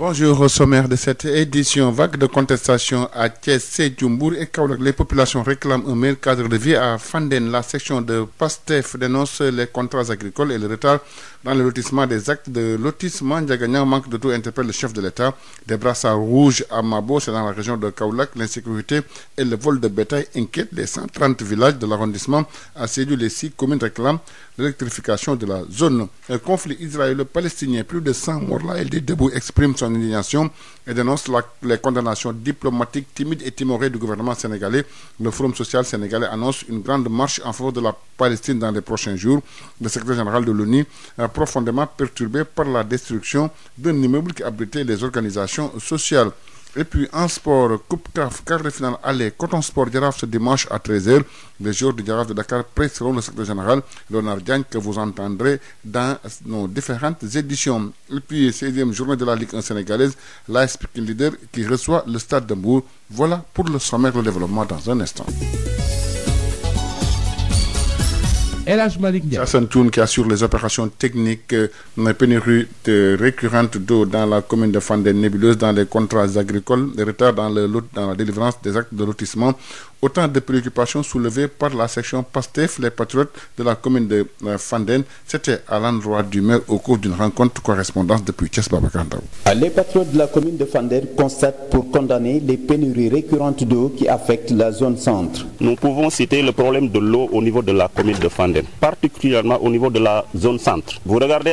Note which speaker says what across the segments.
Speaker 1: Bonjour au sommaire de cette édition. Vague de contestation à Thiès, Sédhiou, et Kaolack. Les populations réclament un meilleur cadre de vie à Fandène. La section de Pastef dénonce les contrats agricoles et le retard dans le lotissement des actes de lotissement. Ndiaganiao manque de tout interpelle le chef de l'État. Des brassards rouges à Mabo, c'est dans la région de Kaolack. L'insécurité et le vol de bétail inquiètent les villages de l'arrondissement. À Sédhiou, communes réclament l'électrification de la zone. Un conflit israélo son indignation et dénonce la, les condamnations diplomatiques timides et timorées du gouvernement sénégalais. Le Forum social sénégalais annonce une grande marche en faveur de la Palestine dans les prochains jours. Le secrétaire général de l'ONU profondément perturbé par la destruction d'un immeuble qui abritait les organisations sociales. Et puis en sport, Coupe CAF, quart de finale aller, Coton Sport Giraffe ce dimanche à 13h. Les joueurs du Giraffe de Dakar préciseront le secrétaire général Leonard Diagne que vous entendrez dans nos différentes éditions. Et puis, 16e journée de la Ligue 1 sénégalaise, l'AS Leader qui reçoit le Stade de Mbourg. Voilà pour le sommaire de développement dans un instant. El Hadj Malick Ndiaye. Assane Thioune qui assure les opérations techniques euh, pénurie de récurrente d'eau dans la commune de Fandène nébuleuse dans les contrats agricoles retard dans le lot dans la délivrance des actes de lotissement Autant de préoccupations soulevées par la section PASTEF, les patriotes de la commune de euh, Fandène. C'était à l'endroit du maire au cours d'une rencontre correspondance depuis Thiès Babacar ah, Les
Speaker 2: patriotes de la commune de Fandène constatent pour condamner les pénuries récurrentes d'eau qui affectent la zone centre.
Speaker 3: Nous pouvons citer le problème de l'eau au niveau de la commune de Fandène, particulièrement au niveau de la zone centre. Vous regardez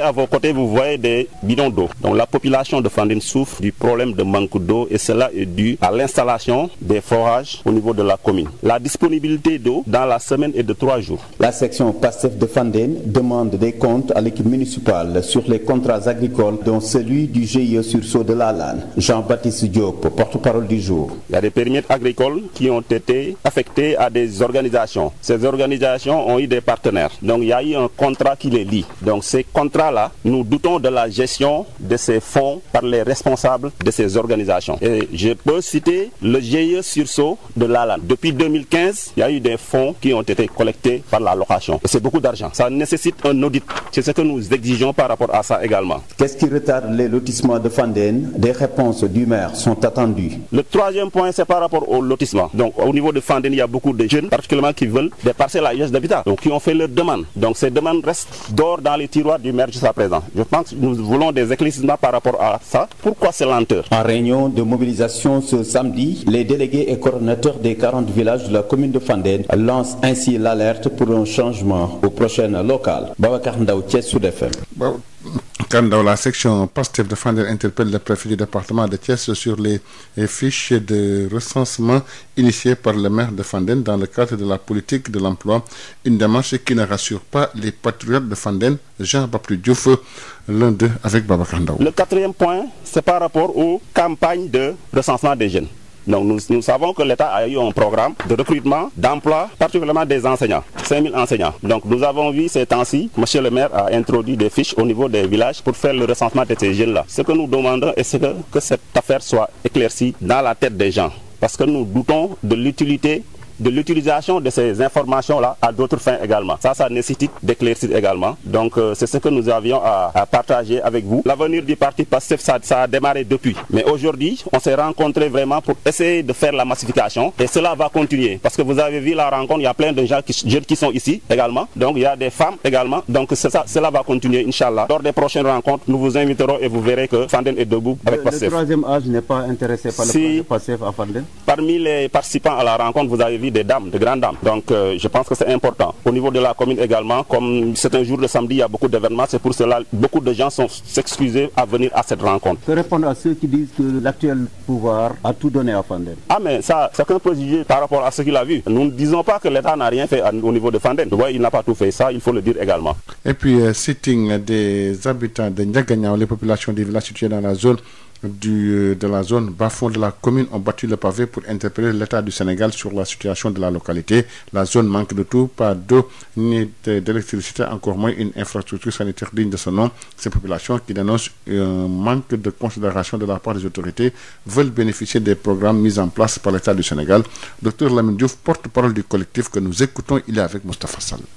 Speaker 3: commune. La disponibilité d'eau dans la semaine est de trois jours.
Speaker 2: La section PASTEF de Fandène demande des comptes à l'équipe municipale sur les contrats agricoles dont celui du GIE Sursaut de la Lane. Jean-Baptiste Diop, porte-parole du jour.
Speaker 3: Il y a des permis agricoles qui ont été affectés à des organisations. Ces organisations ont eu des partenaires. Donc il y a eu un contrat qui les lie. Donc ces contrats-là, nous doutons de la gestion de ces fonds par les responsables de ces organisations. Depuis il y a eu des fonds qui ont été collectés par la location. C'est beaucoup d'argent. ce que nous exigeons par rapport à ça également.
Speaker 2: Qu'est-ce qui retarde les lotissements de Fandène Des réponses du maire sont attendues. Le troisième
Speaker 3: point, c'est par rapport au lotissement. Donc, au niveau de Fandène, il y a beaucoup de jeunes, particulièrement qui veulent des parcelles à usage d'habitat, donc qui ont fait leur demande. Donc, ces demandes restent
Speaker 2: village de la commune de Fandène lance ainsi l'alerte pour un changement aux prochaines locales
Speaker 1: Babacar Ndaw la section Pastef de Fandène interpelle le préfet du département de Thiès sur les fiches de recensement initiées par le maire de Fandène dans le cadre de la politique de l'emploi, une démarche qui ne rassure pas les patriotes de Fandène, Jean Baptiste Diouf, l'un d'eux avec Babacar Ndaw. Le
Speaker 3: quatrième point, c'est par rapport aux campagnes de recensement des jeunes. Donc nous, nous savons que l'État a eu un programme de recrutement, d'emploi, particulièrement des enseignants, enseignants. Donc nous avons vu ces temps-ci, Monsieur le maire a introduit des fiches au niveau des villages pour faire le recensement de ces jeunes-là. Ce que nous demandons est que, que cette affaire soit éclaircie dans la tête des gens, parce que nous doutons de l'utilité de l'utilisation de ces informations à d'autres fins également. Euh, c'est ce que nous avions à, partager avec vous. L'avenir du parti PASTEF, ça, a démarré depuis. Mais aujourd'hui, on s'est rencontrés vraiment pour essayer de faire la massification. Et cela va continuer. Parce que vous avez vu la rencontre, il y a plein de jeunes qui sont ici également. Donc, il y a des femmes également. Donc, cela va continuer, Inch'Allah. Lors des prochaines rencontres, nous vous vie des dames, de grandes dames. Donc euh, je pense que c'est important. Au niveau de la commune également, comme c'est un jour de samedi, il a beaucoup d'événements, c'est pour cela beaucoup de gens sont s'excuser à venir à cette rencontre.
Speaker 2: Je répondre qui disent que l'actuel pouvoir a tout donné à Fandène.
Speaker 3: Ah mais ça, c'est un par rapport à ce qu'il a vu. Nous ne disons pas que l'État n'a rien fait au niveau de Fandène. il n'a pas tout fait, ça il faut le dire également.
Speaker 1: du, euh, de la zone bas-fond de la commune ont battu le pavé pour interpeller l'État du Sénégal sur la situation de la localité. La zone manque de tout, pas d'eau ni d'électricité, encore moins une infrastructure sanitaire digne de ce nom. Ces populations qui dénoncent un manque de considération de la part des autorités veulent bénéficier des programmes mis en place par l'État du Sénégal. Docteur Lamine Diouf, porte-parole du collectif que nous écoutons, il est avec Moustapha Sall.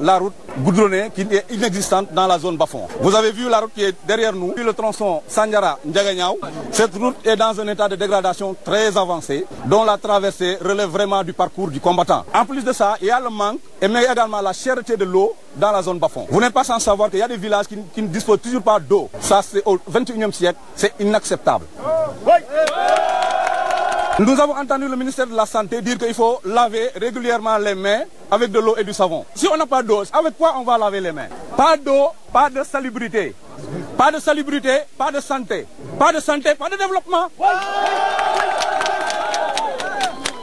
Speaker 4: la route goudronnée qui est inexistante dans la zone Bafon. Vous avez vu la route qui est derrière nous, puis le tronçon Cette route est dans un état de dégradation très avancé, dont la traversée relève vraiment du parcours du combattant. En plus de ça, il y a le manque et mais également la cherté de l'eau dans la zone Bafon. Vous n'êtes pas sans savoir qu'il y a des villages qui, ne disposent toujours pas d'eau. c'est au 21 siècle, c'est inacceptable. Oh, Nous avons entendu le ministère de la Santé dire qu'il faut laver régulièrement les mains avec de l'eau et du savon. Si on n'a pas d'eau, avec quoi on va laver les mains Pas d'eau, pas de salubrité. Pas de salubrité, santé. Pas de développement. Ouais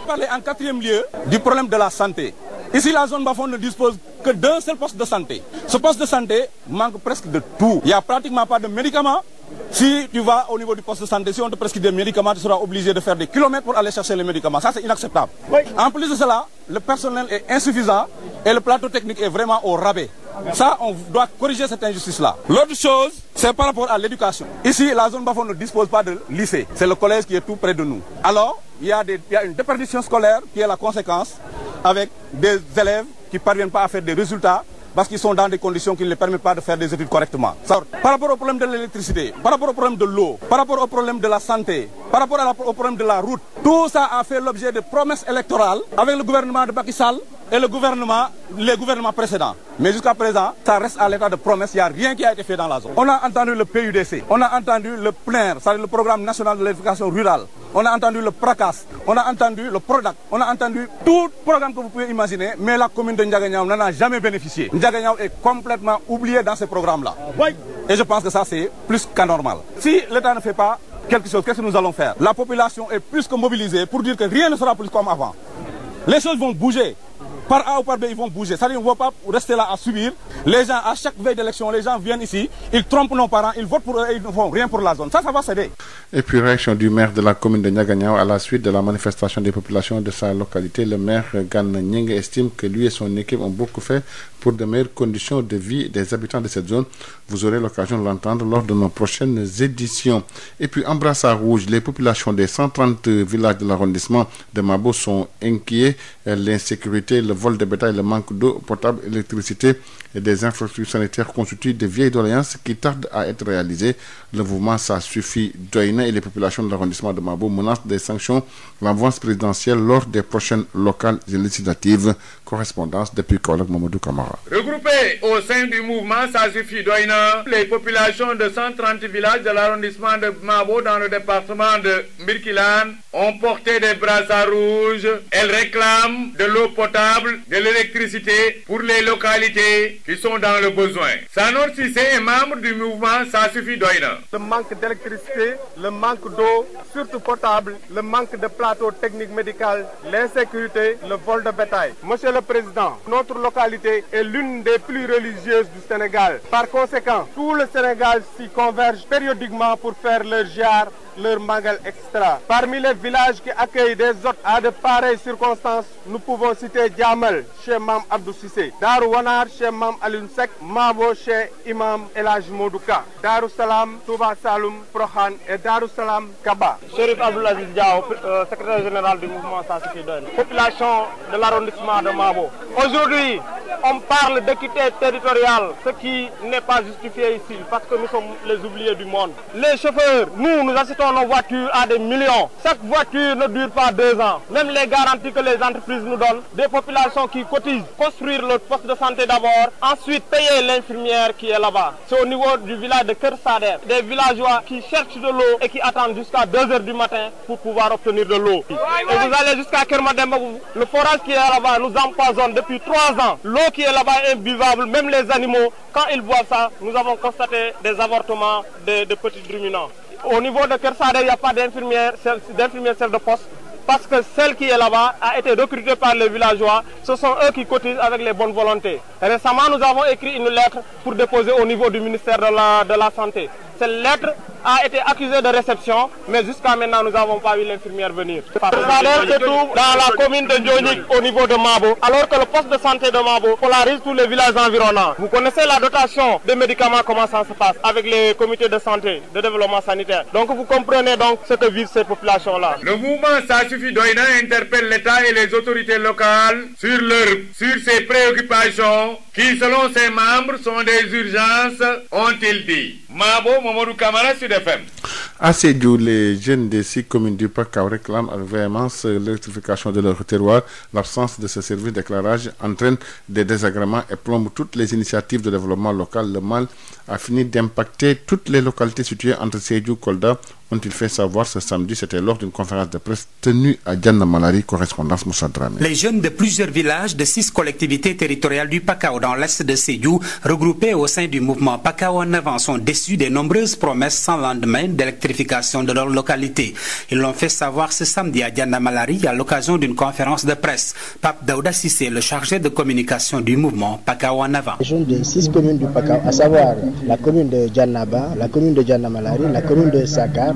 Speaker 4: parler en quatrième lieu du problème de la santé. Ici, la zone Bafon ne dispose que d'un seul poste de santé. Ce poste de santé manque presque de tout. Il n'y a pratiquement pas de médicaments, Si tu vas au niveau du poste de santé, si on te prescrit des médicaments, tu seras obligé de faire des kilomètres pour aller chercher les médicaments. c'est inacceptable. En plus de cela, le personnel est insuffisant et le plateau technique est vraiment au rabais. Ça, on doit corriger cette injustice-là. L'autre chose, c'est par rapport à l'éducation. Ici, la zone Bafon ne dispose pas de lycée. C'est y, a des, il y a une déperdition la conséquence avec des élèves qui parviennent pas à faire des parce qu'ils sont dans des conditions qui ne les permettent pas de faire des études correctement. par rapport au problème de l'électricité, par rapport au problème de l'eau, par rapport au problème de la santé, par rapport au problème de la route, tout ça a fait l'objet de promesses électorales avec le gouvernement de Macky et le gouvernement, les Mais jusqu'à présent, ça reste à l'état de promesse, il n'y a rien qui a été fait dans la zone. On on a entendu le PRACAS, on a entendu le PRODAC, on a entendu tout programme que vous pouvez imaginer, mais la commune de Ndiaganiao n'en a jamais bénéficié. Ndiaganiao est complètement oublié dans ce programme-là. Oui. Et je pense que ça, c'est plus qu'anormal. Si l'État ne fait pas quelque chose, que nous allons faire La population est plus que mobilisée pour dire que rien ne sera plus comme avant. Les choses vont bouger. par A ou par B, ils vont bouger. Ça, ils ne vont à subir. Les gens, viennent ici, ils trompent nos parents, ils votent pour la zone. Ça, ça va céder.
Speaker 1: Et puis, réaction du maire de la commune de Niaganiao à la suite de la manifestation des populations de sa localité. Le maire Gan Nying estime que lui et son équipe ont beaucoup fait pour de meilleures conditions de vie des habitants de cette zone. Vous aurez l'occasion des villages de l'arrondissement vol de bétail, le manque d'eau potable, électricité et des infrastructures sanitaires constituent des vieilles doléances qui tardent à être réalisées. Le mouvement Ça suffit doy et les populations de l'arrondissement de Mabo menacent des sanctions, l'avance présidentielle lors des prochaines locales et les
Speaker 5: populations de villages de l'arrondissement de Mabo dans le département de Birkilane ont porté des brassards rouges. Elles réclament de l'eau potable potable de l'électricité pour les localités qui sont dans le besoin. Sanor Cissé est membre du mouvement Ça suffit doy
Speaker 6: Le manque d'électricité, le manque d'eau, surtout potable, le manque de plateau technique médical, l'insécurité, le vol de bétail. Monsieur le Président, notre localité est l'une des plus religieuses du Sénégal. Par conséquent, tout le Sénégal s'y converge périodiquement pour faire leur ziar leur Magal extra. Parmi les villages qui accueillent des hôtes à de pareilles circonstances, nous pouvons citer Djamal chez Mam Abdou Sissé, Darwanar chez Mam Alun Sek, Mabo chez Imam Elaj Modouka, Darussalam, Touba Saloum, Prohan et Darussalam Kaba. Chérif Abdoulaziz Diaw, euh, secrétaire général du mouvement Sansiki Population de l'arrondissement de Mabo. Aujourd'hui, on parle d'équité territoriale, ce qui n'est pas justifié ici que achetons nos voitures à des millions. Chaque voiture ne dure pas deux ans. Même les garanties que les entreprises nous donnent, des populations qui cotisent, construire leur poste de santé d'abord, ensuite payer l'infirmière qui est là-bas. C'est au niveau du village de Kersader, des villageois qui cherchent de l'eau et qui attendent jusqu'à 2 heures du matin pour pouvoir obtenir de l'eau. Et vous allez jusqu'à Kermademba, le forage qui est là-bas nous empoisonne les animaux, quand ils boivent ça, des avortements de, de petits au niveau de Kersade, il n'y a pas d'infirmière chef de poste parce que celle qui est là-bas a été recrutée par les villageois. Ce sont eux qui cotisent avec les bonnes volontés. Récemment, nous avons écrit une lettre pour déposer au niveau du ministère de la, de la Santé. cette lettre a été accusée de réception, mais jusqu'à maintenant, nous n'avons pas vu l'infirmière venir. Fadel se trouve dans la commune de Dionik au niveau de Mabo, alors que le poste de santé de Mabo polarise tous les villages environnants. Vous connaissez la dotation des médicaments, comment ça se passe avec les comités de santé, de développement sanitaire. Donc vous comprenez donc ce que vivent ces populations-là. Le mouvement
Speaker 5: Ça suffit d'Oina interpelle qui, selon ses membres, sont des urgences, ont Mabo Mamadou Camara a FM.
Speaker 1: À ces les jeunes des six communes du Pakao réclament avec véhémence l'électrification de leur terroir. L'absence de ce service d'éclairage entraîne des désagréments et plombe toutes les initiatives de développement local. Le mal a fini d'impacter toutes les localités situées entre Sédhiou, Kolda, ont-ils fait savoir ce samedi. C'était lors de presse tenue à Les
Speaker 7: jeunes de plusieurs villages de six collectivités territoriales du Pacao dans l'est de Sédhiou, regroupés au sein du mouvement Pacao en avant, sont déçus des nombreuses promesses sans lendemain d'électrification de leur localité. Ils l'ont fait savoir ce samedi à Diana Malari à l'occasion d'une conférence de presse. Pape Daouda Sissé, le chargé de communication du mouvement Pacao en avant.
Speaker 8: la commune de Djanaba, la la commune de Sakar,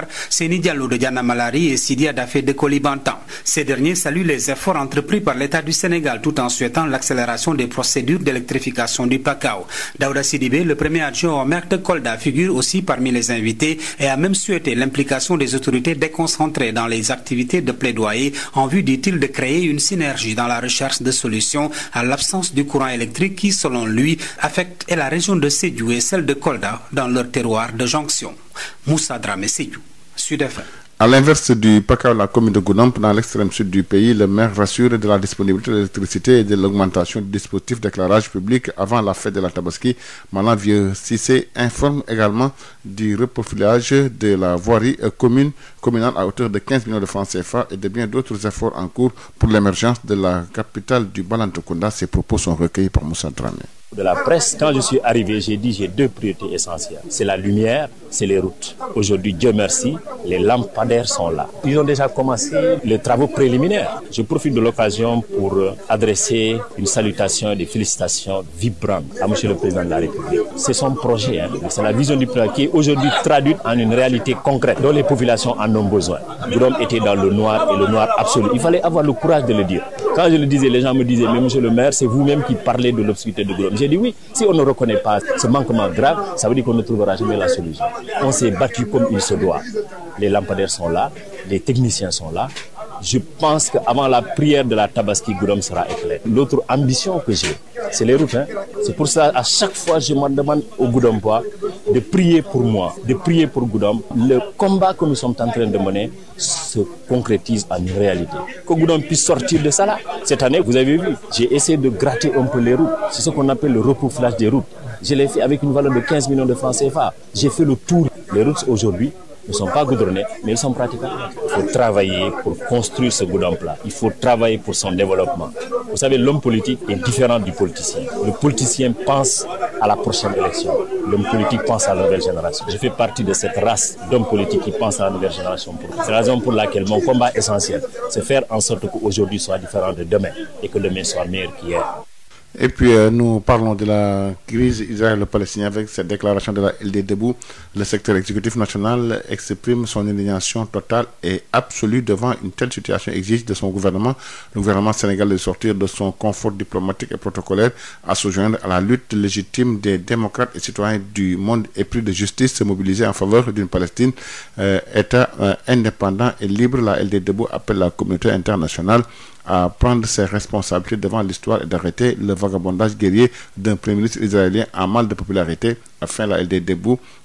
Speaker 7: Dakar, Séni Diallo de Malari et Sidi Adafé de Kolibantan. Ces derniers saluent les efforts entrepris par l'État du Sénégal tout en souhaitant l'accélération des procédures d'électrification du Pacao. Daouda Sidibé, le premier adjoint au maire de Kolda, figure aussi parmi les invités et a même souhaité l'implication des autorités déconcentrées dans les activités de plaidoyer en vue, dit-il, de créer une synergie dans la recherche de solutions à l'absence du de Sédiou et celle de Kolda dans leur de jonction. Moussa Dramé Sédhiou Sud FM.
Speaker 1: À l'inverse du PACA, la commune de Gounamp, dans l'extrême sud du pays, le maire rassure de la disponibilité de l'électricité et de l'augmentation du dispositif d'éclairage public avant la fête de la Tabaski. Malang Vieux Cissé informe également du reprofilage de la voirie commune communale à hauteur de 15 millions de francs CFA et de bien d'autres efforts en cours pour l'émergence de la capitale du Balantokunda. Ces propos sont recueillis par
Speaker 9: de la presse, quand je suis arrivé, j'ai dit deux priorités essentielles. C'est la lumière, c'est les routes. Aujourd'hui, Dieu merci, les lampadaires sont là. Ils ont déjà commencé les travaux préliminaires. Je profite de l'occasion pour euh, adresser une salutation et des félicitations vibrantes à M. le Président de la République. C'est son projet, hein. c'est la vision du plan qui est aujourd'hui traduite en une réalité concrète dont les populations en ont besoin. Grom était dans le J'ai dit oui, si on ne reconnaît pas ce manquement grave, ça veut dire qu'on ne trouvera jamais la solution. On s'est battu comme il se doit. Les lampadaires sont là, les techniciens sont là, je pense qu'avant la prière de la Tabaski, Gourom sera éclairé. L'autre ambition que j'ai, c'est les routes. Hein. C'est pour ça, à chaque fois, je me demande au Goudombois de prier pour moi, de prier pour Goudom. Le combat que nous sommes en train de mener se concrétise en réalité. Que Goudom puisse sortir de ça là. Cette année, vous avez vu, j'ai essayé de gratter un peu les routes. C'est ce qu'on appelle le repouflage des routes. Je l'ai fait avec une valeur de 15 millions de francs CFA. J'ai fait le tour des routes aujourd'hui. ne sont pas goudronnés, mais ils sont praticables. Il faut travailler pour construire ce goudron plat. Il faut travailler pour son développement. Vous savez, l'homme politique est différent du politicien. Le politicien pense à la prochaine élection. L'homme politique pense à la nouvelle génération. pour laquelle mon combat essentiel, c'est faire en sorte qu'aujourd'hui soit différent de demain et que demain soit meilleur qu'hier.
Speaker 1: Et puis euh, nous parlons de la crise israélo-palestinienne avec cette déclaration de la LD Debout. Le secteur exécutif national exprime son indignation totale et absolue devant une telle situation exige de son gouvernement, le gouvernement sénégalais, de sortir de son confort diplomatique et protocolaire à se joindre à la lutte légitime des démocrates et citoyens du monde épris de justice se mobiliser en faveur d'une Palestine euh, État euh, indépendant et libre. La LD Debout appelle la à prendre ses responsabilités devant l'histoire et d'arrêter le vagabondage guerrier d'un premier ministre israélien en mal de popularité. Enfin, la LD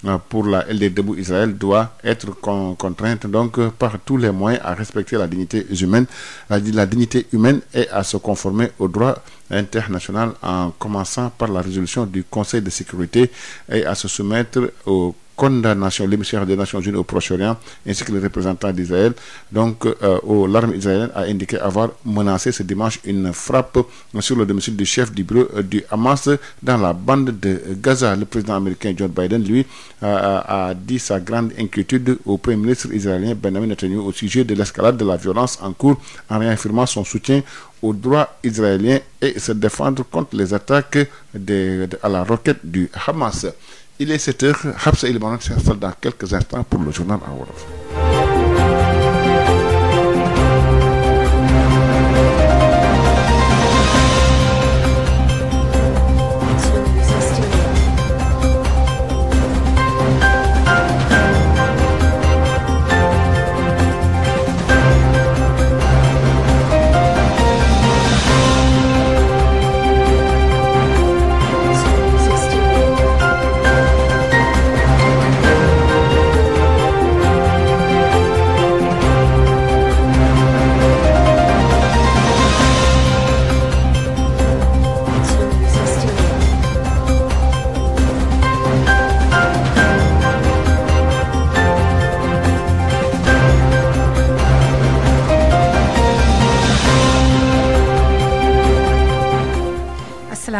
Speaker 1: euh, pour la LD Debout, Israël doit être con contrainte donc par tous les moyens à respecter la dignité humaine, la, la dignité humaine et à se conformer aux droits international en commençant par la résolution du Conseil de sécurité et à se soumettre au condamnation, le ministère des Nations Unies au Proche-Orient ainsi que les représentants d'Israël. Donc, euh, oh, l'armée israélienne a indiqué avoir menacé ce dimanche une frappe sur le domicile du chef du bureau euh, du Hamas dans la bande de Gaza. Le président américain John Biden, lui, euh, a dit sa grande inquiétude au premier ministre israélien Benjamin Netanyahu au sujet de l'escalade de la violence en cours en réaffirmant son soutien aux droits israéliens et se défendre contre les attaques de, à la roquette du Hamas. il est 7 heures Habsa Elimane s'installe dans quelques instants pour le journal en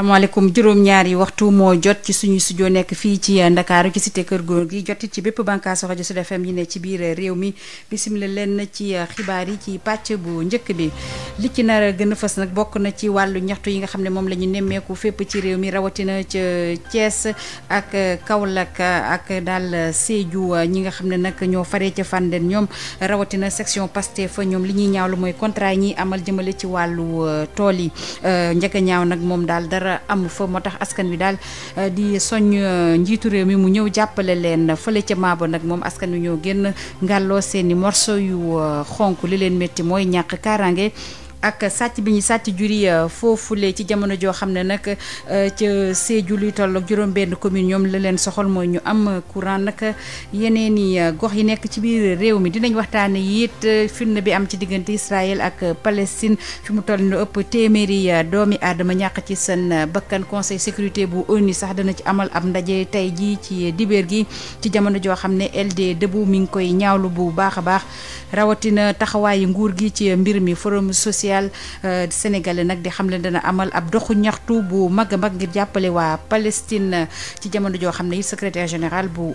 Speaker 10: asalaamaaleykum juróom-ñaari waxtu moo jot ci suñu studio nekk fii ci ndakaaru ci cité kër góor gi jot ci bépp bànkaasu rajo Sud FM yi ne ci biir réew mi bisimila leen ci xibaar yi ci pàcc bu njëkk bi li ci nar gën a fës nag bokk na ci wàllu ñaxtu yi nga xam ne moom la ñu nemmeeku fépp ci réew mi rawatina ca ak Kaolack ak daal Sédhiou ñi nga xam ne nag ñoo faree ca Fandène ñoom rawatina section Pastef ñoom li ñuy ñaawlu mooy contrat yi ñuy amal jëmale ci wàllu tool yi njëkk ñaaw nag moom daal dara dara amu fa moo tax askan wi daal euh, di soñ euh, njiitu réew mi mu ñëw jàppale leen fële ca Maabo nag moom askan wi ñoo génn ngàlloo seeni morso yu euh, xonk li leen métti mooy ñàq kaaraange ak sàcc bi ñu sàcc juri euh, foofule ci jamono joo xam ne nag euh, ca Sédhiou luy toll ak juróom-benn commune ñoom la leen soxal mooy ñu am courant nag yeneen i euh, gox yi nekk ci biir réew mi dinañ waxtaane it fitna bi am ci diggante Israël ak Palestine fi mu toll ni ëpp téeméeri doomi aadama ñàkk ci seen bakkan conseil sécurité bu ONU sax dana ci amal ab ndaje tey jii ci dibéer gi ci jamono joo xam ne LD Debout mi ngi koy ñaawlu bu baax a baax rawatina taxawaayu nguur gi ci mbir mi forum social social euh, sénégalais nag di xam ne dana amal ab doxu ñaxtu bu mag a mag ngir jàppale waa Palestine euh, ci jamono joo xam ne yi secrétaire général bu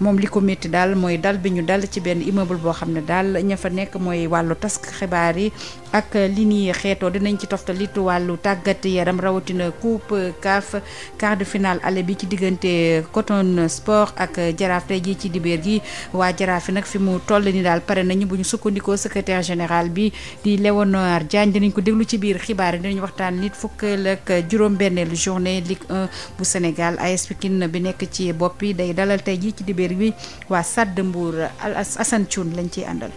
Speaker 10: moom li ko métti daal mooy dal bi ñu dal ci benn immeuble boo xam ne daal ña fa nekk mooy wàllu task xibaar yi ak li ni xeetoo dinañ ci toftal it wàllu tàggat yaram rawatina coupe CAF quart de finale bi ci diggante Coton Sport ak jaraaf tey jii ci dibeer ji waa jaraaf yi nag fi mu toll ni daal pare nañu bu ñu sukkandikoo secrétaire général bi di Léonard Omar Diagne dinañ ko déglu ci biir xibaar yi dinañ waxtaan nit fukk ak juróom-benneelu journée Ligue 1 bu Sénégal AS Pikine bi nekk ci bopp yi day dalal tey jii ci dibéer bi waa Sàdd Mbuur Assane Thioune lañ ciy àndal.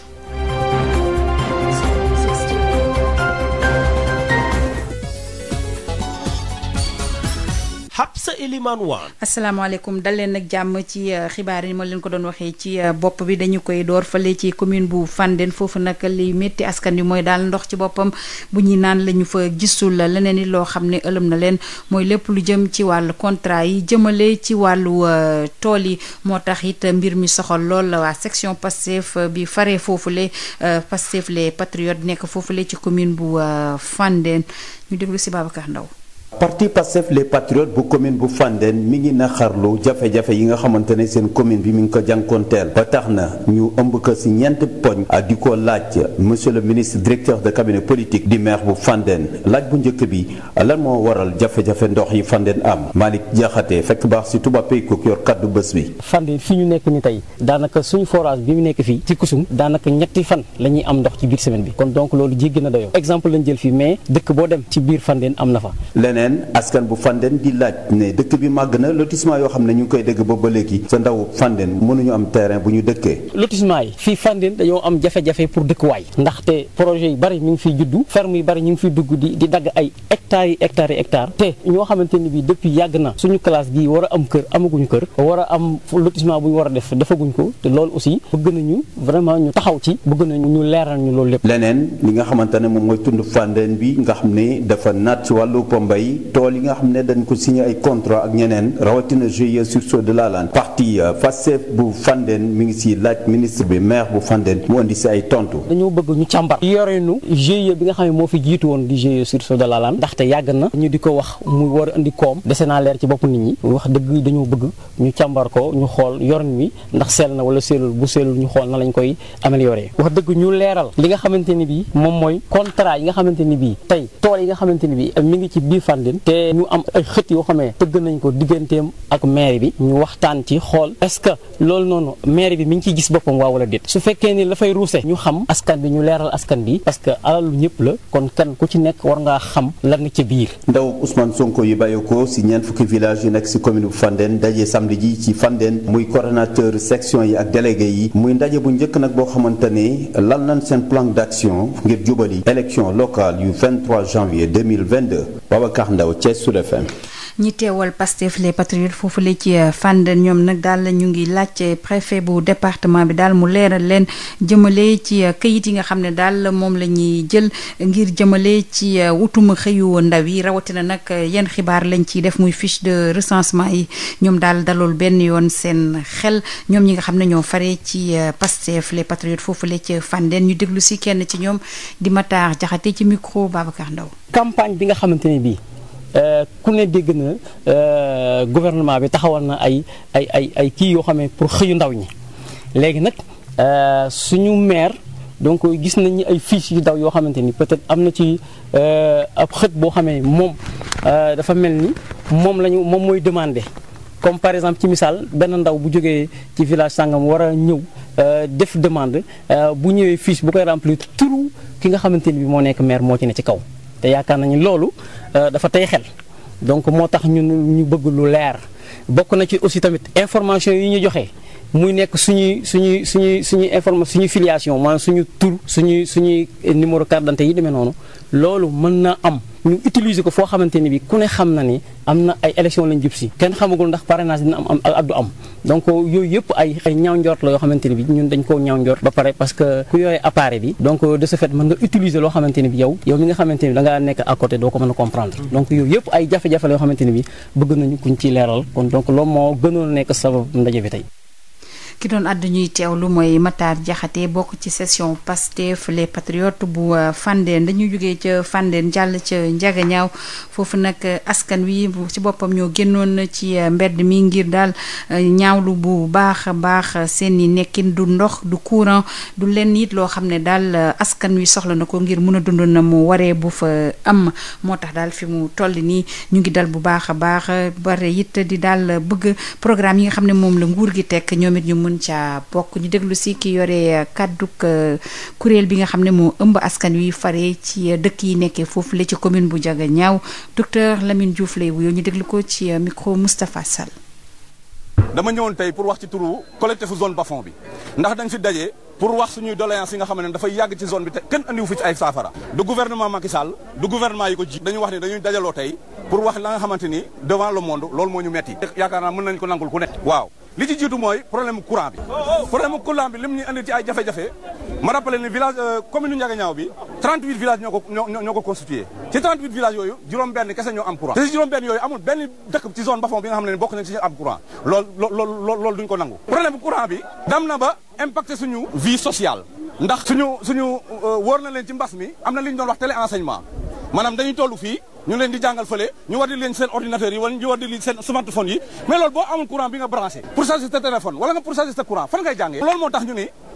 Speaker 6: Absa Elimane Wane
Speaker 10: asalaamaaleykum dal leen nag jàmm ci euh, xibaar yi ma leen ko doon waxee ci euh, bopp bi dañu koy door fale ci commune bu Fandène foofu nag li métti askan wi mooy daal ndox ci boppam bu ñuy naan la ñu fa gisul leneen it loo xam ne ëlëm na leen mooy lépp lu jëm ci wàllu contrat yi jëmale ci wàllu euh, tool yi moo tax it mbir mi soxal lool waa section Pastef bi faree foofule Pastef les patriotes nekk foofule ci commune bu Fandène ñu déglu si Babacar Ndaw
Speaker 2: parti Pastef les patriotes bu commune bu Fandène mi ngi naxarlu jafe-jafe yi nga xamante ne seen commune bi mu ngi ko jànkoonteel ba tax na ñu ëmb ko ci ñeent poñ ak ah, di ko laaj monsieur le ministre directeur de cabinet politique di maire bu Fandène laaj bu njëkk bi lan moo waral jafe-jafe ndox yi Fandène am Malick Diakhaté fekk baax ci Touba Peykook yor kaddu bés bi
Speaker 11: Fandène fi ñu nekk ni tey daanaka suñu forage bi mu nekk fii ci Kusum daanaka ñetti fan la ñuy am ndox ci biir semaine bi kon donc loolu jéggi na dayoo exemple lañ jël fii mais dëkk boo dem ci biir Fandène am na
Speaker 2: feneen askan bu Fandène di laaj ne dëkk bi màgg na lotissement yoo xam ne ñu ngi koy dégg
Speaker 11: projet yu bari ñu ngi dugg di dagg ay hectares yi hectares yi hectares te ñoo xamante bi depuis yàgg na suñu classe gi war a am kër amaguñu kër war a am lotissement bu war a def defaguñ ko te loolu aussi bëgg nañu vraiment ñu taxaw ci bëgg nañu ñu leeral ñu loolu lépp leneen
Speaker 2: li nga xamante moom mooy tund Fandène bi nga xam ne dafa naat ci wàllu pombay tey tool yi nga xam ne dañ ko signé ay contrat ak ñeneen rawatina GIE Sursaut de la Lande parti euh, Pastef bu Fandène mi ngi si laaj ministre bi maire bu Fandène mu indi si ay tontu.
Speaker 11: dañoo bëgg ñu càmbar ko a indi ñu ko ñu xool yorin wi ndax seel na wala seelul bu seelul ñu xool na lañ koy améliorer wax dëgg ñu leeral li nga xamante ni bi moom mooy contrat yi nga xamante ni bi tey tool yi nga xamante ni bi mi ngi ci biir fan leen te ñu am ay xët yoo xam ne tëgg nañ ko digganteem ak maire bi ñu waxtaan ci xool est-ce que loolu noonu maire bi mu ngi ciy gis boppam waa wala déet su fekkee ni lafay ruuse ñu xam askan bi ñu leeral askan bi parce que alalu ñëpp la kon kan ku ci nekk war ngaa xam lan ci biir.
Speaker 2: ndaw Ousmane Sonko yi ko si ñeent fukki village yi nekk si commune bu Fandène daje samedi ji ci Fandène muy coordonnateur section yi ak délégué yi muy ndaje bu njëkk nag boo xamante ne lan lan seen plan d'action ngir jubali élection locale yu 23 janvier 2022 Babacar Ndaw Thiès Sud FM
Speaker 10: ñi teewal Pastef les patriotes foofu la ci euh, fànn ñoom nag daal ñu ngi laajte euh, préfet bu département bi daal mu leeral leen jëmale ci euh, këyit yi nga xam ne daal moom la ñuy jël ngir jëmale ci wutuma xëyu ndaw yi rawatina nag yenn xibaar lañ ciy def muy fiche de recensement yi ñoom daal dalul benn yoon seen xel ñoom ñi nga xam ne ñoo fare ci Pastef les patriotes foofu la ci fànn ñu déglu si kenn ci ñoom di Matar Jaxate ci micro Babacar
Speaker 11: Euh, ku ne dégg na euh, gouvernement bi taxawal na ay ay ay ay kii yoo xam ne pour xëyu ndaw ñi léegi nag euh, suñu maire donc gis nañ ni ay fiches yu daw yoo xamante ni peut-être am na ci ab xët boo xamee moom dafa mel ni moom lañu moom mooy demandé comme par exemple ci misaal benn ndaw bu jógee ci village sàngam war a ñëw def demande bu ñëwee fiche bu koy remplir turu ki nga xamante ni bi moo nekk maire moo ci ne ci kaw te yaakaar nañu loolu euh, dafa tey xel donc moo tax ñu ñu bëgg lu leer bokk na ci aussi tamit information yi ñu joxe. muy nekk suñuy suñuy suñuy suñuy information suñuy filiation maanaam suñu tur suñuy suñuy numéro carte d'identité yi demee noonu loolu mën na am ñu utiliser ko foo bi ku xam na ni na ay élection lañ jub si kenn xamagul ndax parrainage dina am am ak du am donc yooyu yëpp ay ay ñaaw njort koo ñaaw njort ba pare parce que ku yooyee appareil bi donc de nga utiliser loo xamante ni bi yow yow mi nga xamante ni da ngaa nekk à côté doo ko mën a comprendre donc yooyu yëpp ay jafe-jafe la yoo xamante ni bi bëgg nañu kuñ ci leeral kon donc loolu moo gënoon nekk sabab ndaje bi tey
Speaker 10: ki doon àddu ñuy teewlu mooy Matar Diakhaté bokk ci session Pastef les patriotes bu euh, Fandène dañuy jógee ca Fandène jàll ca Ndiaganiao foofu nag euh, askan wi si boppam ñoo génnoon ci euh, mbedd mi ngir daal ñaawlu bu baax a baax seen i nekkin du ndox du courant du lenn it loo xam ne daal askan wi soxla na ko ngir mun a dund na mu waree bu fa am moo tax daal fi mu toll nii ñu ngi dal bu baax baax bare it di daal bëgg programme yi nga xam ne moom la nguur mën caa bokk ñu déglu si ki yore kàdduk euh, kuréel bi nga xam ne moo ëmb askan wi fare ci euh, dëkk yi nekkee foofu la ci commune bu Diaganiao docteur Lamine Diouf lay wuyoo ñu déglu ko ci euh, micro Moustapha Sall.
Speaker 4: dama ñëwoon tey pour wax ci turu collectifu zone Bafon bi ndax dañ fi daje pour wax suñuy doléance yi nga xam ne dafay yàgg ci zone bi te kenn andiwu fi ci ay saafara. du gouvernement Macky Sall du gouvernement yi ko ji. dañu wax ne dañuy dajaloo tey pour wax nga xamante ni devant le monde loolu moo ñu metti. yaakaar naa mën nañ ko nangul ku li ci jiitu mooy problème courant bi oh, oh. problème courant bi lim indi ci ay jafe-jafe ma rappelé ni village euh, commune Ndiaganiao bi 38 villages ñoo ko ñoo ko constitué ci 38 villages yooyu juróom-benn kese ñoo am courant te ci juróom-benn yooyu amul benn dëkk ci zone Bafon bi nga xam ne bokk nangu problème courant bi dem na ba impacté suñu vie sociale ndax suñu suñu euh, na leen ci mbas mi am na li ñu doon wax téléenseignement maanaam dañuy toll fii ñu leen di jàngal fële ñu war di leen seen ordinateur yi wala ñu war di leen seen smartphone yi mais loolu boo amul courant bi nga branché pour charger téléphone wala nga pour charger sa courant fan ngay jàngee loolu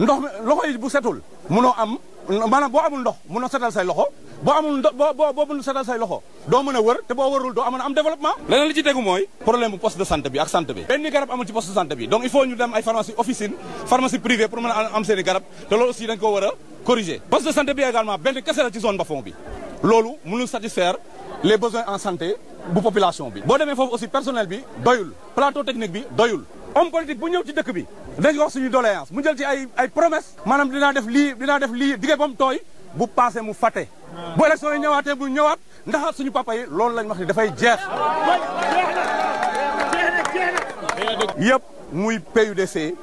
Speaker 4: ndox loxo yi bu setul munoo am maanaam boo amul ndox munoo setal say loxo boo amul ndo boo boo munul setal say loxo doo mën a wër te boo wërul doo mën a am développement. leneen li ci tegu mooy problème bu poste de santé bi ak santé bi. benn garab amul ci poste de santé bi donc il faut ñu dem ay pharmacie officine pharmacie privée pour mën am seen i garab te loolu aussi dañ ko war a corriger. poste de santé bi également benn kese la ci zone Bafong bi loolu mënul satisfaire les bu population bi. boo demee foofu aussi personnel bi doyul plateau technique bi doyul homme politique bu bi. dañ wax suñu doléance mu jël ci ay ay promesse maanaam dinaa def lii dinaa def lii dige ba tooy bu passé mu fate bu élection yi ñëwaatee bu ñëwaat ndax suñu papa loolu lañ wax ni dafay jeex yëpp muy PUDC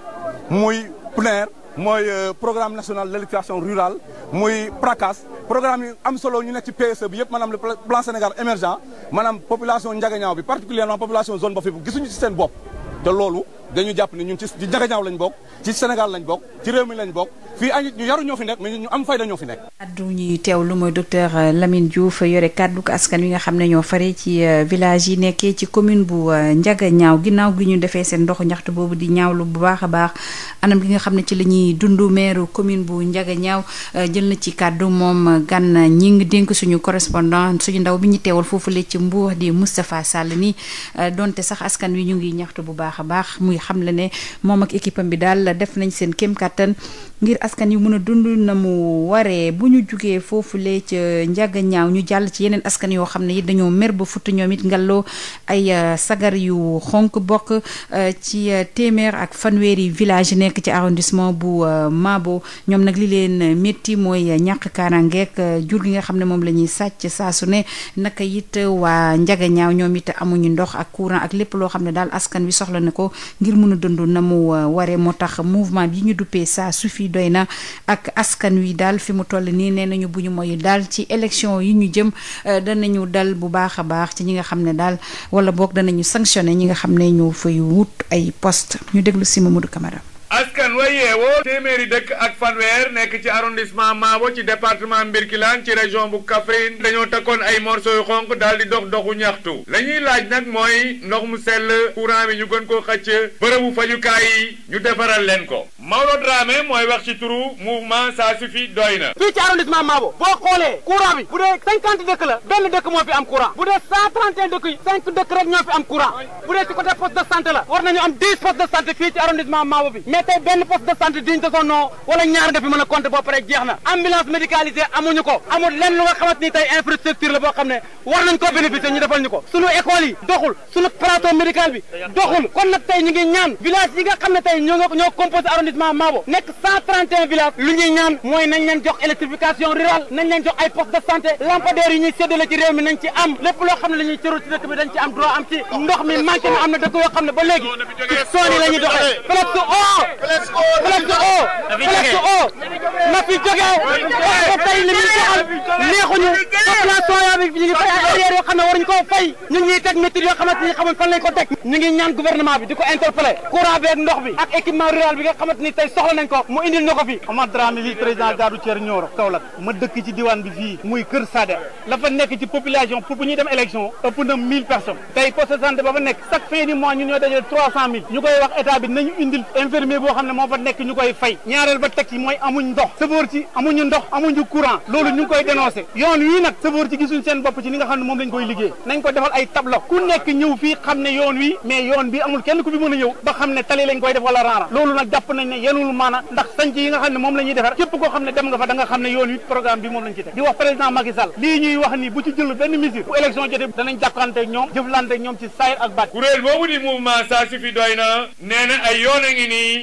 Speaker 4: muy PNER mooy euh, programme national d'électrification rurale muy PRACAS programme yi am solo ñu nekk ci PSE bi yëpp maanaam le plan Sénégal émergent maanaam population Ndiaganiao bi particulièrement population zone ba fi bu gisuñu ci seen bopp te loolu dañu jàpp ne ñun ci ci Ndiaganiao lañ bokk ci Sénégal lañ bokk ci réew mi lañ bokk fii ay ñu yaru ñoo fi nekk mais ñu am fayda ñoo fi nekk.
Speaker 10: addu ñuy teew lu mooy docteur Lamine Diouf yore kàddu ko askan wi nga xam ne ñoo fare ci euh, village yi nekkee ci commune bu euh, Ndiaganiao ginnaaw gi ñu defee seen ndoxu ñaxtu boobu di ñaawlu bu baax a baax anam gi nga xam ne ci la ñuy dund maire commune bu Ndiaganiao euh, jël na ci kàddu moom gan ñi ngi dénk suñu correspondant suñu ndaw bi ñu teewal foofule ci Mbour di Moustapha Sall ni donte sax askan wi ñu ngi ñaxtu bu baax a baax muy muy xam le ne moom ak équipe bi daal def nañ seen kéem kattan ngir askan yu mën a dund na mu waree bu ñu jugee foofu lee ca njàgga ñaaw ñu jàll ci yeneen askan yoo xam ne it dañoo mer ba futt ñoom it ngalloo ay euh, sagar yu xonk bokk euh, ci euh, téeméer ak fanweeri village nekk ci arrondissement bu Mabo ñoom nag li leen métti mooy ñàkk kaaraangeeg jur gi nga xam ne moom la ñuy sàcc saa ne naka it waa njàgga ñaaw ñoom it amuñu ndox ak courant ak lépp loo xam ne daal askan wi soxla na ko. ngir mun a dund na mu euh, waree moo tax mouvement yi ñu duppee su suffit doy na ak askan wi daal fi mu toll nii nee nañu bu ñu moyu daal ci élection yi ñu jëm euh, danañu dal bu baax a baax ci ñi nga xam ne daal wala boog danañu sanctionné ñi nga xam ne ñoo fay wut ay poste ñu déglu si Mamadou Camara
Speaker 5: askan wa yeewoo téeméeri dëkk ak fanweer nekk ci arrondissement Maabo ci département Mbirkilaan ci région bu Kaffrine dañoo takkoon ay morceaux yu xonq daal di dox doxu ñaxtu la ñuy laaj nag mooy ndox mu sell courant bi ñu gën koo xëcc bërëbu fajukaay yi ñu defaral leen ko Maodo Dramé mooy wax ci turu mouvement ça suffit doy na fii ci
Speaker 12: arrondissement Maabo boo xoolee courant bi bu dee cinquante dëkk la benn dëkk moo fi am courant bu dee cent dëkk yi cinq dëkk rek ci côté poste de santé la war nañu am dix mais benn poste de santé digne de son nom wala ñaar nga fi mën a boo pare jeex na ambulance médicalisée amuñu ko amul lenn lu ni tey infrastructure la boo xam ne war nañ koo bénéficier ñu defal ñu ko suñu école yi doxul suñu plateau médical bi doxul kon nag tey ñu ñaan village yi nga xam ne tey ñoo ñoo composé arrondissement Mabo nekk 131 villages lu ñuy ñaan mooy nañ leen jox électrification rurale nañ leen jox ay poste de santé lampadaires yi ñuy séddale la ci Flexo Flexo na fi jógee wax neexuñu population yaa bi ñu ngi fay arrière yoo xam ne waruñu koo fay ñu ngi teg métti yoo xamante ni xamuñ fan lañ ko teg ñu ngi ñaan gouvernement bi di ko interpellé courant bi ak ndox bi ak équipement rural bi nga xamante ni tey soxla nañ ko mu indil na ko fi Omar Dramé li président Diadou Thier Nioro Kaolack ma dëkk ci diwaan bi fii muy Kër Sader la fa nekk ci population pour bu ñuy dem élection ëpp na mille personnes tey poste liggéey boo xam ne moo fa nekk ñu koy fay ñaareel ba teg ci mooy amuñ ndox sëfoor ci amuñu ndox amuñu courant loolu ñu koy dénoncé yoon wii nag sëfoor ci gisuñ seen bopp ci li nga xam ne moom lañ koy liggéey nañ ko defal ay tableau ku nekk ñëw fii xam ne yoon wi mais yoon bi amul kenn ku fi mën a ñëw ba xam ne tali lañ koy def wala raara loolu nag jàpp nañ ne yenul maana ndax sanc yi nga xam ne moom la defar képp koo xam ne dem nga fa da xam ne yoon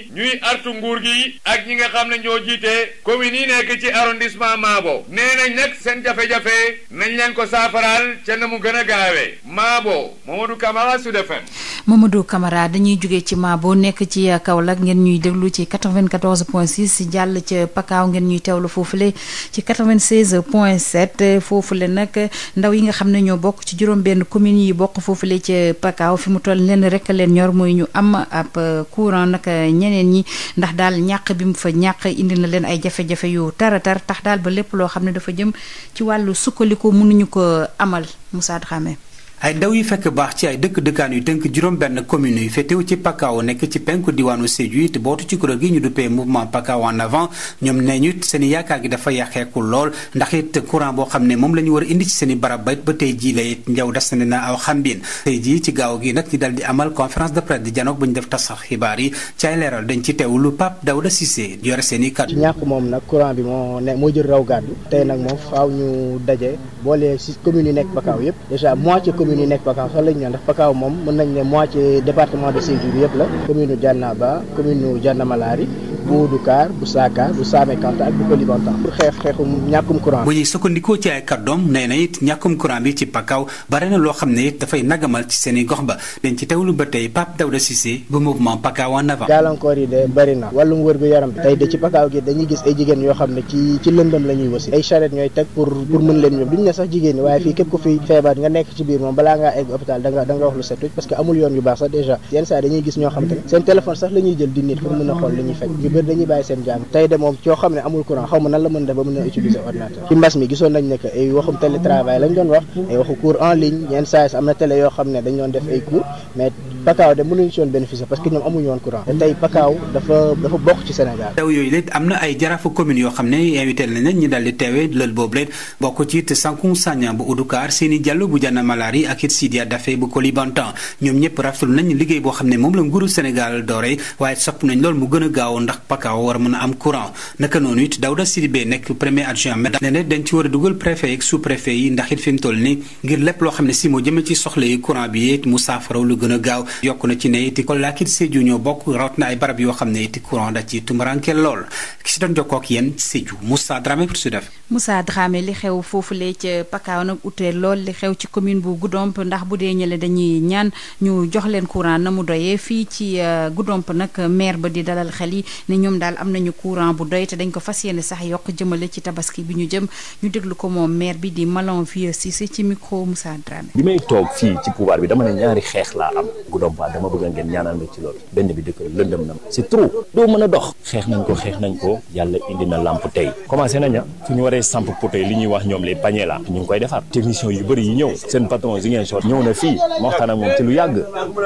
Speaker 12: yi ñuy artu
Speaker 5: nguur gi ak ñi nga xam ne ñoo jiite commune yi nekk ci arrondissement Maabo nee nañ nag seen jafe-jafe nañ leen ko saafaraal ca na mu gën a gaawee Maabo Mamadou Camara Sud FM
Speaker 10: Mamadou Camara dañuy jóge ci Maabo nekk ci Kaolack ngeen ñuy déglu ci 94 point 6 jàll ca Pakaaw ngeen ñuy teewlu foofule ci 96 point 7 foofule nag ndaw yi nga xam ne ñoo bokk ci juróom-benn commune yi bokk foofule ca Pakaaw fi mu toll leen rek leen ñor mooy ñu am ab euh, courant nag ñeneen ñeneen ñi ndax daal ñàq bi mu fa ñàq indi na leen ay jafe-jafe yu tara tar tax daal ba lépp loo xam ne dafa jëm ci wàllu sukkandiku mënuñu ko amal Moussa Dramé
Speaker 7: ay ndaw yi fekk baax ci ay dëkk dëkkaan yu tënk juróom-benn commune yu féetew ci pakaaw nekk ci penku diwaanu Sédhiou it bootu ci kuréel gi ñu duppee mouvement pakaaw en avant ñoom nee ñu seen yaakaar gi dafa yàqeeku lool ndax it courant boo xam ne moom la ñu war a indi ci seeni barab bayit ba tey jii la it njaw das na na aw xambin tey jii ci gaaw gi nag ñu dal di amal conférence de presse di janoog ba ñu def tasax xibaar yi ci ay leeral dañ ci teewlu Pape Daouda Cissé yore seen i kàddu ñàkk
Speaker 8: moom nag courant bi moo ne moo jël raw gàddu tey nag moom faaw ñu daje boole ci commune yi nekk pakaaw yépp communes nekk Pakao sax lañ ñëw ndax Pakao moom mën nañ ne moitié département de Sédhiou bi yëpp la commune u Diana Ba commune u Diana Malari bu Oudukaar bu Saakaar bu Saame Kanta ak bu Kolibanta pour xeex xeexu ñàkkum courant. bu ñuy
Speaker 7: sukkandikoo ci ay kàddoom na it ñàkkum
Speaker 8: yi de bari na wàllum wër gu yaram bi tey de ci Pakao gi dañuy gis ay jigéen yoo xam ne ci ci lëndëm la ay charrette ñooy teg pour mën leen ñoom duñ ne sax jigéen ñi waaye fii képp ku fi feebar nga nekk ci biir moom balaa ngaa egg hôpital da wax lu set parce que amul yoon yu baax sax déjà yenn saa dañuy gis ñoo xam te seen téléphone sax la jël di nit pour mën a xool li ñuy bëri dañuy bàyyi seen jàng tey de moom a utiliser ordinateur ne que
Speaker 7: ay commune yoo xam liggéey boo xam ne moom la nguuru Sénégal doore waaye sopp nañ lool mu gën a gaaw ndax pakaaw war a mën a am courant naka noonu it Daouda Sidibé nekk premier adjoint maire ne ne dañ ci war a dugal préfet yeeg sous préfet yi ndax it fi mu toll ni ngir lépp loo xam ne si moo jëmee ci soxla yi courant bi it mu saafaraw lu gën gaaw yokk na ci ne it Kolda ak Sédhiou ñoo bokk rawat na ay barab yoo xam ne it courant da ci tumuranke lool ki si doon jokkoo ak yéen Sédhiou Moussa Dramé pour Sud FM.
Speaker 10: Moussa Dramé li xew foofulee ca Pakao nag utee lool li xew ci commune bu Goudomp ndax bu dee ñële dañuy ñaan ñu jox leen courant na mu doyee fii ci euh, Goudomp nag maire ba di dalal xel yi ne ñoom daal am nañu courant bu doy te dañ ko fas yéene sax yokk jëmale ci tabaski bi ñu jëm ñu déglu ko moom maire bi di Malon Vieux Cissé ci micro Moussa Dramé.
Speaker 9: bi may toog fii ci pouvoir bi dama ne ñaari xeex laa am ma ci loolu benn bi dëkk lëndëm na c'est trop doo a dox xeex ko yàlla indi na lamp tey commencé nañ ah ñu waree samp poto li ñuy wax ñoom les paniers la ñu ngi koy defar technicien yu bëri yi ñëw seen patron Ziguinchor ñëw na fii ma waxtaan moom ci lu yàgg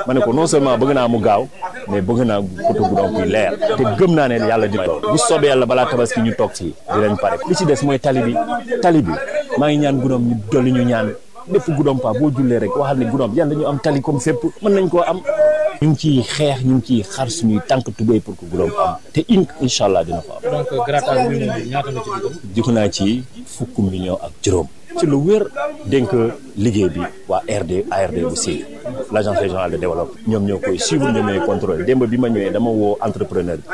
Speaker 9: ma ne ko non seulement bëgg naa mu gaaw mais bëgg naa poto bu kuy leer te gëm naa ne yàlla dina lool bu soobee yàlla balaa tabaski ñu toog ci dinañ pare li ci des mooy tali bi tali bi maa ngi ñaan guddoom ñu dolli ñu ñaan lépp guddoom pa boo jullee rek waxal ni guddoom yàlla ñu am tali comme fépp mën nañ koo am. ñu ngi ciy xeex ñu ngi ciy xar suñuy tànk tubéy pour ko guddoom am te in incha allah dina ko am. donc grattaal bi ñaata naa ci fukk million ak juróom. ci lu wér dénk liggéey bi waa RD ARD bu Sédhiou l' agence régionale de développement ñoom ñoo koy suivre ñoom ñooy contrôler demb bi ma ñëwee dama woo entrepreneur bi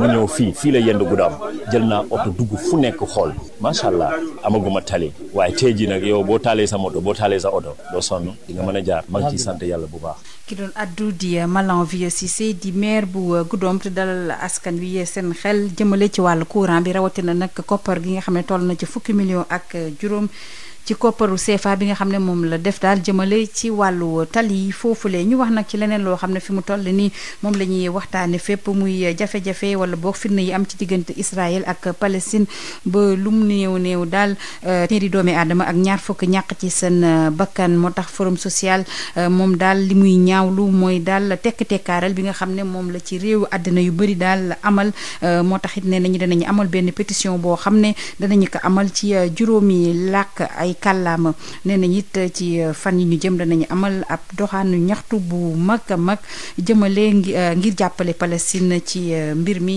Speaker 9: mu ñëw fii fii la yend guddaam jël naa oto dugg fu nekk xool macha allah amaguma tali waaye tey jii nag yow boo taalee sa moto boo taalee sa oto doo sonn di nga mën a jaar ma ngi ciy sant yàlla bu baax
Speaker 10: ki doon addu di euh, Malang Vieux Cissé di maire bu euh, Goudomp te dalal askan wi euh, seen xel jëmale ci wàllu courant bi rawatina nag koppar gi nga xam ne toll na ci fukki million ak juróom ci kopparu CFA bi nga xam ne moom la def daal jëmale ci wàllu tali foofulee ñu wax nag ci leneen loo xam ne fi mu toll nii moom la ñuy waxtaane fépp muy jafe-jafe wala boog fitna yi am ci diggante Israël ak Palestine ba lu mu néew néew daal euh, téeri doomi aadama ak ñaar fukk ñàq ci seen euh, bakkan moo tax forum social euh, moom daal li muy ñaawlu mooy daal tekk-tekkaaral bi nga xam ne moom la ci réew àddina yu bëri daal amal moo tax it ne nañu danañu amal benn pétition boo xam ne danañu ko amal ci juróomi làkk ay kàllaama nee nañ it ci euh, fan yi ñu jëm danañu amal ab doxaanu ñaxtu bu mag a mag jëmale euh, ngir jàppale Palestine ci euh, mbir mi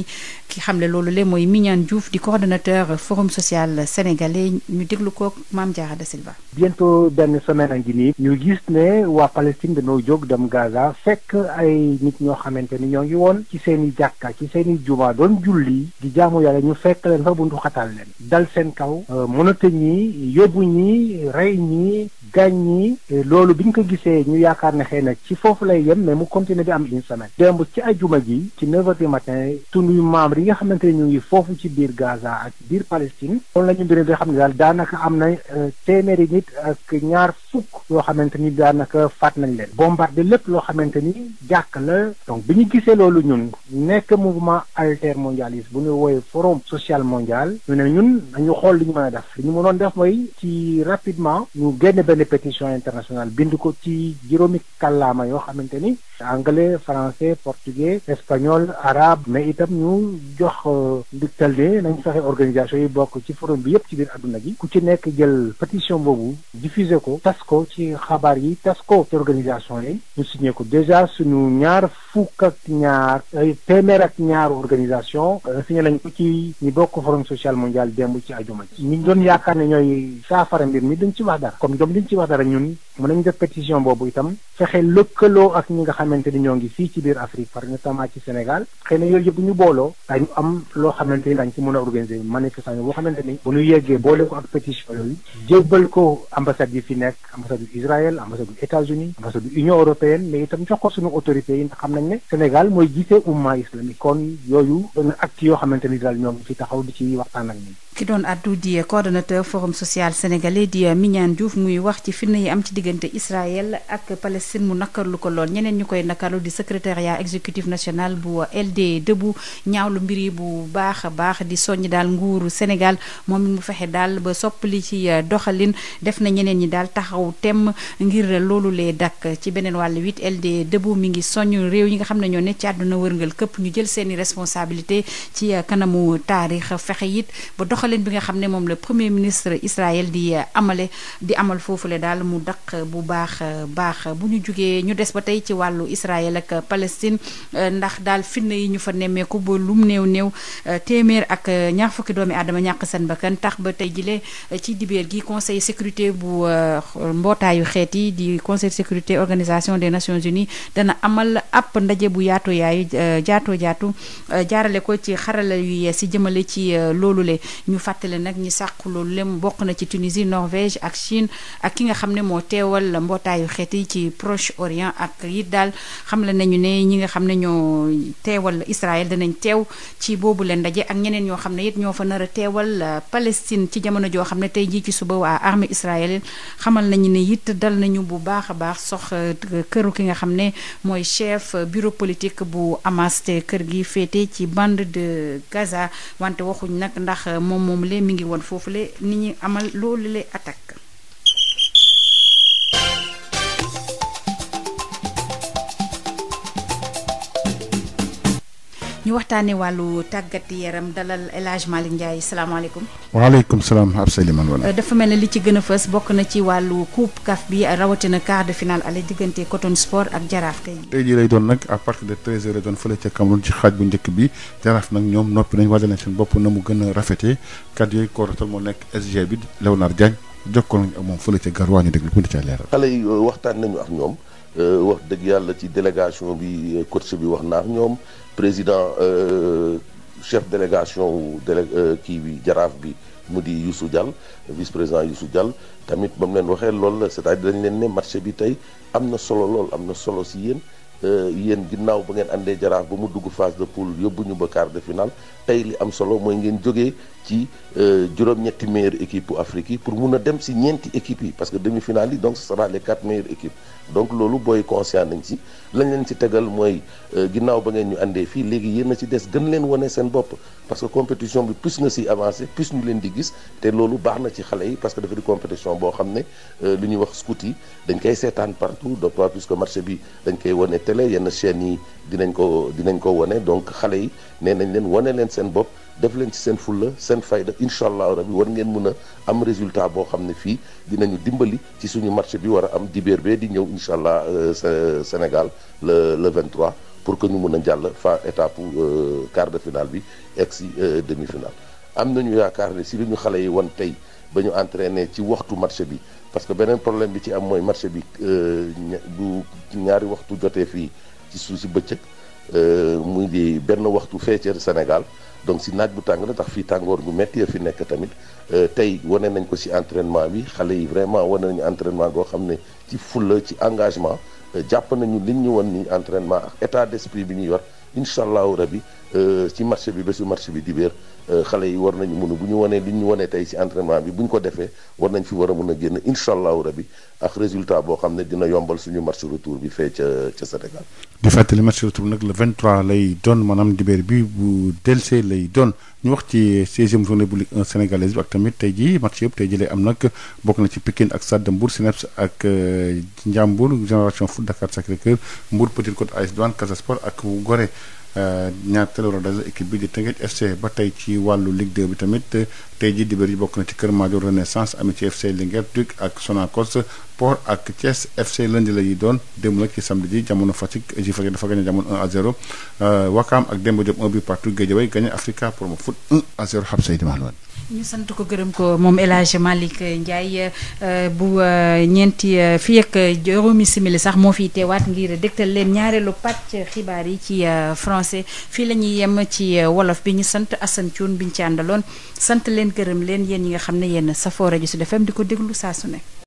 Speaker 10: ki xamle loolu le mooy Mignane Diouf di coordonnateur forum social sénégalais ñu déglu ko Mame Diarra Da Silva.
Speaker 13: bientôt benn semaine a ngi nii. ñu gis ne waa Palestine dañoo jóg dem Gaza fekk ay nit ñoo xamante ni ñoo ngi woon ci seen i jàkka ci seen i juma doon julli di jaamu yàlla ñu fekk leen fa buntu xataal leen dal seen kaw euh, mënate ñi yóbbu ñi rey ñi. gàññi eh, loolu bi ñu ko gisee ñu yaakaar ne xëy na ci foofu lay yem mais mu continuer di am une semaine démb ci ajuma ji ci 9 heures du matin tunuy membre yi nga xamante ne ñu ngi foofu ci biir Gaza ak biir Palestine loolu la ñu mbir di xam ne daal daanaka am na eh, téeméeri nit ak ñaar fukk yoo xamante ni daanaka faat nañ leen bombardé lépp loo xamante ni jàkk la donc bi ñu gisee loolu ñun nekk mouvement altermondialiste bu ñu wooyee forum social mondial ñu ne ñun dañu xool li ñu mën a def li mooy ci rapidement répétition internationale bind ko ci juróomi kàllaama yoo xamante ni anglais français portugais espagnol arabe mais itam ñu jox euh, ndigtal ne nañ fexe organisation yi bokk ci forum bi yëpp ci biir adduna gi ku ci nekk jël pétition boobu diffuser ko tas ko ci xabaar yi tas ko ci organisation yi ñu signé ko déjà suñu ñaar fukk ak ñaar téeméer ak ñaar organisation euh, signé nañ ko ci ñi bokk forum social mondial démb ci ajuma ji ñi doon yaakaar ne ñooy saafara mbir mi duñ ci wax dara comme ñoom duñ ci wax dara ñun mën nañ def pétition xamante ni ñoo ngi fii ci biir Afrique par notamment ci Sénégal xëy na yooyu yëpp ñu booloo dañu am loo xamante ni dañ ci mën a organiser manifestation boo xamante ni bu ñu yeggee boole ko ak pétition yooyu jébbal ko ambassade yi fi nekk ambassade yu Israël ambassade yu États-Unis ambassade yu Union européenne mais itam jox ko suñu autorités yi ndax xam nañ ne Sénégal mooy jiite umma islamique kon yooyu doon acte yoo xamante ni daal ñoom fi taxaw di ci waxtaan ak ñi
Speaker 10: ki doon addu di coordonnateur forum social sénégalais di Mignane Diouf muy wax ci fitna yi am ci diggante Israël ak Palestine mu lu ko lool ñeneen ñu koy nakarlu di secrétariat exécutif national bu LD Debout ñaawlu mbir yi bu baax a baax di soññ daal nguuru Sénégal moom mu fexe daal ba li ci doxalin def na ñeneen ñi daal taxaw temm ngir loolu lee dakk ci beneen wàll 8 LD Debout mi ngi soññ réew yi nga xam ne ñoo ne ci àdduna wërngal këpp ñu jël seeni responsabilité ci kanamu taarix fexe doxalin bi nga xam ne moom la premier ministre Israël di amale di amal foofule daal mu daq bu baax baax bu ñu jugee ñu des ba tey ci wàllu Israël ak Palestine ndax daal finn yi ñu fa nemmeeku ba lum néew néew téeméer ak ñaax fukki doomi aadama ñàkk seen bakkan tax ba tey jilee ci dibeer gi conseil sécurité bu euh, mbootaayu xeet yi di conseil sécurité organisation des nations unies dana amal ab ndaje bu yaatu yaayu euh, jaatoo jaatu euh, jaarale ko ci xarala yu yees yi jëmale ci loolu le ñu fàttale nag ñi sàq loolu lem bokk na ci Tunisie Norvège ak Chine ak ki nga xam ne moo teewal mbootaayu xeet yi ci Proche Orient ak it daal xam la nañu ne ñi nga xam ne ñoo teewal Israël danañ teew ci boobu leen ndaje ak ñeneen ñoo xam ne it ñoo fa nar a teewal euh, Palestine ci jamono joo xam ne tey jii ci suba waa armée israélienne xamal nañu ne it dal nañu bu baax a baax sox euh, këru ki nga xam ne mooy chef bureau politique bu Hamas te kër gi féete ci bande de moom lee mi ngi woon foofu le ni ñuy amal loolu le attaque ñu waxtaanee wàllu tàggat yaram dalal El Hadj Malick Ndiaye salaamaaleykum.
Speaker 1: waaleykum salaam absolument wala. Euh,
Speaker 10: dafa mel ne li ci gën a fës bokk na ci wàllu coupe CAF bi rawatina quart de finale ale diggante Coton Sport ak Jaraaf tey.
Speaker 1: tey jii lay doon nag à partir de treize heures lay doon fële ca Cameroun ci xaaj bu njëkk bi Jaraaf nag ñoom noppi nañ wàllale seen bopp na mu gën a rafetee kàddu yooyu ko ratal moo nekk SG bi Léonard Diagne jokkoon nañ ak moom fële ca Garoua ñu déglu buñ ca leeral.
Speaker 14: xale yi euh, waxtaan nañu ak ñoom Euh, wax dëgg yàlla ci délégation bi euh, coach bi wax naa ñoom président euh, chef délégation wu délé kii bi jaraaf bi mu di Youssou Diall vice président Youssou Diall tamit ba mu leen waxee loolu la c'est-à-dire dañ leen ne marché bi tey am na solo lool am na solo si yéen yéen ginnaaw ba ngeen àndee jaraaf ba mu dugg phase de poule yóbbu ñu ba quart de finale tey li am solo mooy ngeen jógee ci euh, juróom-ñetti meilleures équipes Afrique yi pour mun a dem si ñeenti équipes yi parce que demi-finale yi donc ce sera les quatre meilleures équipes donc loolu booy conscient nañ si lañ leen si tegal mooy euh, ginnaaw ba ngeen ñu àndee fii léegi yéen a ci des gën leen wane seen bopp parce que compétition bi plus nga siy avancé plus ñu leen di gis te loolu baax na ci xale yi parce que dafa di compétition boo xam ne euh, lu ñuy wax scout yi dañ koy seetaan partout d'autant plus que marché bi dañ koy wane télé yenn chaînes yi dinañ ko dinañ ko wane donc xale yi nee nañ leen wane leen seen bopp def leen ci seen fulla seen fayda incha allah rabi war ngeen mën a am résultat boo xam ne fii dinañu dimbali ci suñu match bi war a am dibéer bee di ñëw incha allah euh, Sénégal le le 23 pour que ñu mën a jàll fa étape euh, quart de finale bi egg si euh, demi finale. am nañu yaakaar ne si li ñu xale yi wan tey ba ñu entraîné ci waxtu match bi parce que beneen problème bi ci am mooy match bi bu ñaari waxtu jotee fii ci suuf si bëccëg mu di benn waxtu feecer Sénégal. donc si naaj bu tàng la tax fii tàngoor gu métti ya fi nekk tamit euh, tey wane nañ ko si entraînement bi xale yi vraiment wane nañu entraînement goo xam ne ci fulla ci engagement euh, jàpp nañu liñ ñu won ni entrainement ak état d'esprit bi ñu war incha allahu rabi euh, ci marché bi bésu marché bi di dibéer Euh, xale yi war nañu mën bu ñu wanee li ñu wanee tey ci entraînement bi bu ko defee war nañ fi war a mën a génn incha allahu rabi ak résultat boo xam ne dina yombal suñu match retour bi fee ca
Speaker 1: ca Sénégal. di fàttali match retour nag le 23 lay doon maanaam dibéer bi bu delsee lay doon ñu wax ci 16e journée bu Ligue 1 bi ak tamit tey jii match yëpp tey jii am nag bokk na ci Pikine ak Stade de Mbour Cneps ak euh, Ndiambour Génération Foot Dakar Sacré-Cœur Mbour Petite Côte AS Douanes Casa Sport ak Gorée. ñaar télérodage équipe bi di Teungueth FC ba tey ci wàllu Ligue 2 bi tamit tey ji dibéer yi bokk na ci Kër Madior Renaissance Amitié FC Linguère Duc ak Sonacos Port ak Thiès FC lundi yi doon démb nag ci samedi ji jamono Fatick ji Fatick dafa gagné jamono 1 à 0 euh, Wakaam ak Demba Diop 1 but partout Guédiawaye gagné Africa Promo Foot 1 à 0 xam say dimaanwan
Speaker 10: ñu sant ko gërëm ko moom élage Hadj Malick Ndiaye euh, bu euh, ñeenti euh, fii ak juróomi simili sax moo fiy teewaat ngir dégtal leen ñaareelu pàcc xibaar yi ci français fii la ñuy yem ci wolof bi ñu sant Assane Thioune bi ci àndaloon sant leen gërëm leen yéen yi nga xam ne yéen safoo rajo Sud FM di ko déglu saa su